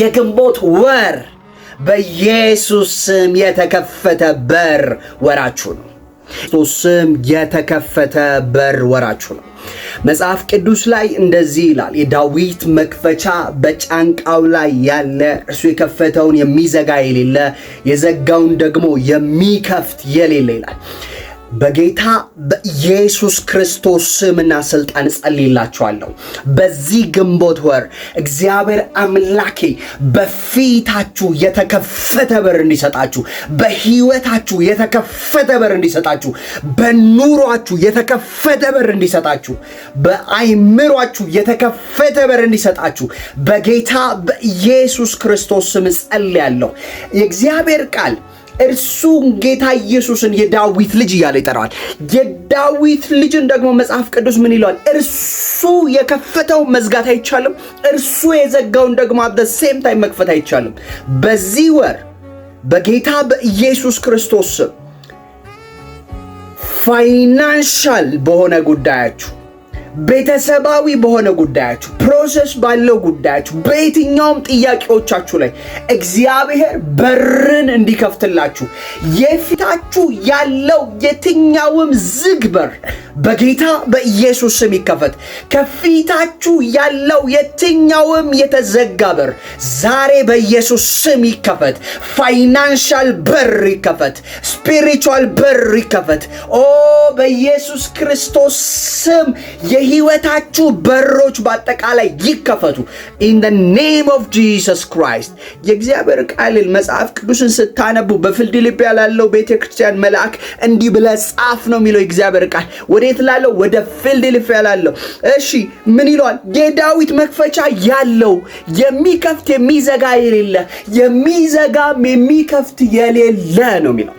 የግንቦት ወር በኢየሱስ ስም የተከፈተ በር ወራችሁ ነው። ኢየሱስ ስም የተከፈተ በር ወራችሁ ነው። መጽሐፍ ቅዱስ ላይ እንደዚህ ይላል፣ የዳዊት መክፈቻ በጫንቃው ላይ ያለ እርሱ የከፈተውን የሚዘጋ የሌለ የዘጋውን ደግሞ የሚከፍት የሌለ ይላል። በጌታ በኢየሱስ ክርስቶስ ስምና ስልጣን ጸልይላችኋለሁ። በዚህ ግንቦት ወር እግዚአብሔር አምላኬ በፊታችሁ የተከፈተ በር እንዲሰጣችሁ፣ በህይወታችሁ የተከፈተ በር እንዲሰጣችሁ፣ በኑሯችሁ የተከፈተ በር እንዲሰጣችሁ፣ በአይምሯችሁ የተከፈተ በር እንዲሰጣችሁ በጌታ በኢየሱስ ክርስቶስ ስም ጸልያለሁ። የእግዚአብሔር ቃል እርሱም ጌታ ኢየሱስን የዳዊት ልጅ እያለ ይጠራዋል። የዳዊት ልጅን ደግሞ መጽሐፍ ቅዱስ ምን ይለዋል? እርሱ የከፈተው መዝጋት አይቻልም፣ እርሱ የዘጋውን ደግሞ አት ሴም ታይም መክፈት አይቻልም። በዚህ ወር በጌታ በኢየሱስ ክርስቶስ ፋይናንሻል በሆነ ጉዳያችሁ ቤተሰባዊ በሆነ ጉዳያችሁ፣ ፕሮሰስ ባለው ጉዳያችሁ፣ በየትኛውም ጥያቄዎቻችሁ ላይ እግዚአብሔር በርን እንዲከፍትላችሁ የፊታችሁ ያለው የትኛውም ዝግ በር በጌታ በኢየሱስ ስም ይከፈት። ከፊታችሁ ያለው የትኛውም የተዘጋ በር ዛሬ በኢየሱስ ስም ይከፈት። ፋይናንሻል በር ይከፈት። ስፒሪቹዋል በር ይከፈት። ኦ በኢየሱስ ክርስቶስ ስም የህይወታችሁ በሮች በአጠቃላይ ይከፈቱ። ኢን ኔም ኦፍ ጂሰስ ክራይስት። የእግዚአብሔር ቃልን መጽሐፍ ቅዱስን ስታነቡ በፊልድልጵያ ላለው ቤተክርስቲያን መልአክ እንዲህ ብለህ ጻፍ ነው የሚለው የእግዚአብሔር ቃል ወደ ቤት ላለው ወደ ፊልድልፊያ ያላለው። እሺ ምን ይለዋል? የዳዊት መክፈቻ ያለው የሚከፍት የሚዘጋ የሌለ የሚዘጋም የሚከፍት የሌለ ነው የሚለው።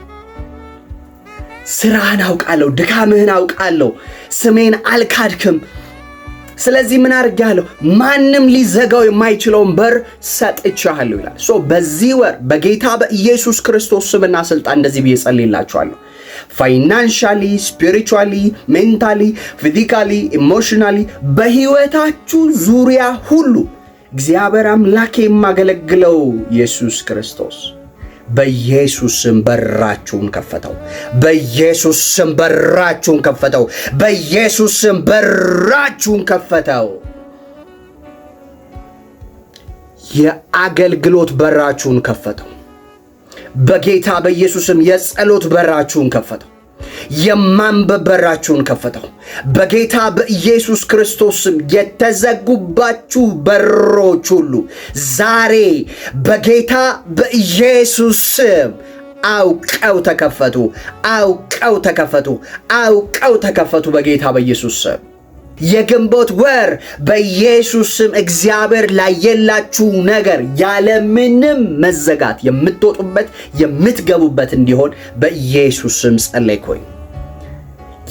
ስራህን አውቃለሁ፣ ድካምህን አውቃለሁ፣ ስሜን አልካድክም ስለዚህ ምን አድርጌሃለሁ? ማንም ሊዘጋው የማይችለውን በር ሰጥቼሃለሁ ይላል። ሶ በዚህ ወር በጌታ በኢየሱስ ክርስቶስ ስምና ስልጣን እንደዚህ ብዬ ጸልይላችኋለሁ። ፋይናንሻሊ፣ ስፒሪቹዋሊ፣ ሜንታሊ፣ ፊዚካሊ፣ ኢሞሽናሊ በህይወታችሁ ዙሪያ ሁሉ እግዚአብሔር አምላኬ የማገለግለው ኢየሱስ ክርስቶስ በኢየሱስ ስም በራችሁን ከፈተው። በኢየሱስ ስም በራችሁን ከፈተው። በኢየሱስ ስም በራችሁን ከፈተው። የአገልግሎት በራችሁን ከፈተው። በጌታ በኢየሱስም የጸሎት በራችሁን ከፈተው። የማንበብ በራችሁን ከፈተው። በጌታ በኢየሱስ ክርስቶስም የተዘጉባችሁ በሮች ሁሉ ዛሬ በጌታ በኢየሱስ ስም አውቀው ተከፈቱ፣ አውቀው ተከፈቱ፣ አውቀው ተከፈቱ በጌታ በኢየሱስ ስም። የግንቦት ወር በኢየሱስ ስም እግዚአብሔር ላየላችሁ ነገር ያለምንም መዘጋት የምትወጡበት የምትገቡበት እንዲሆን በኢየሱስ ስም ጸለይኩኝ።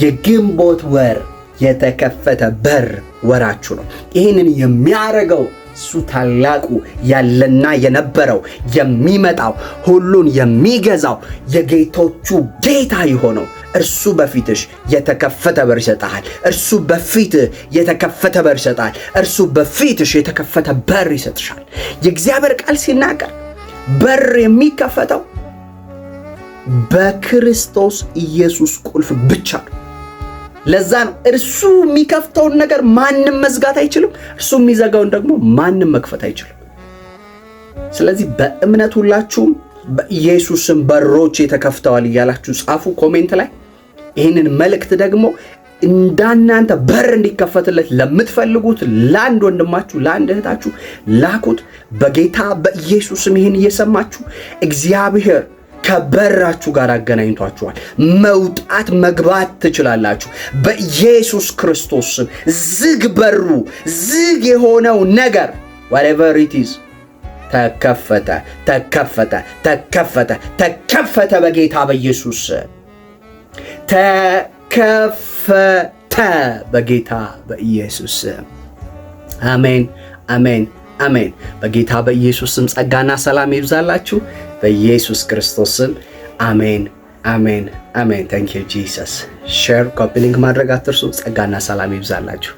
የግንቦት ወር የተከፈተ በር ወራችሁ ነው። ይህንን የሚያደርገው እሱ ታላቁ ያለና የነበረው የሚመጣው ሁሉን የሚገዛው የጌቶቹ ጌታ የሆነው እርሱ በፊትሽ የተከፈተ በር ይሰጣል። እርሱ በፊትህ የተከፈተ በር ይሰጣል። እርሱ በፊትሽ የተከፈተ በር ይሰጥሻል። የእግዚአብሔር ቃል ሲናገር በር የሚከፈተው በክርስቶስ ኢየሱስ ቁልፍ ብቻ ነው። ለዛ ነው እርሱ የሚከፍተውን ነገር ማንም መዝጋት አይችልም። እርሱ የሚዘጋውን ደግሞ ማንም መክፈት አይችልም። ስለዚህ በእምነት ሁላችሁም በኢየሱስም በሮች የተከፍተዋል እያላችሁ ጻፉ ኮሜንት ላይ። ይህንን መልእክት ደግሞ እንዳናንተ በር እንዲከፈትለት ለምትፈልጉት ለአንድ ወንድማችሁ ለአንድ እህታችሁ ላኩት። በጌታ በኢየሱስም ይህን እየሰማችሁ እግዚአብሔር ከበራችሁ ጋር አገናኝቷችኋል። መውጣት መግባት ትችላላችሁ። በኢየሱስ ክርስቶስ ዝግ በሩ ዝግ የሆነው ነገር whatever it ተከፈተ፣ ተከፈተ፣ ተከፈተ፣ ተከፈተ በጌታ በኢየሱስ ተከፈተ በጌታ በኢየሱስ ስም። አሜን፣ አሜን፣ አሜን። በጌታ በኢየሱስ ስም ጸጋና ሰላም ይብዛላችሁ በኢየሱስ ክርስቶስ ስም። አሜን፣ አሜን፣ አሜን። ታንክ ዩ ጂሰስ። ሼር ኮፒ ሊንክ ማድረግ አትርሱ። ጸጋና ሰላም ይብዛላችሁ።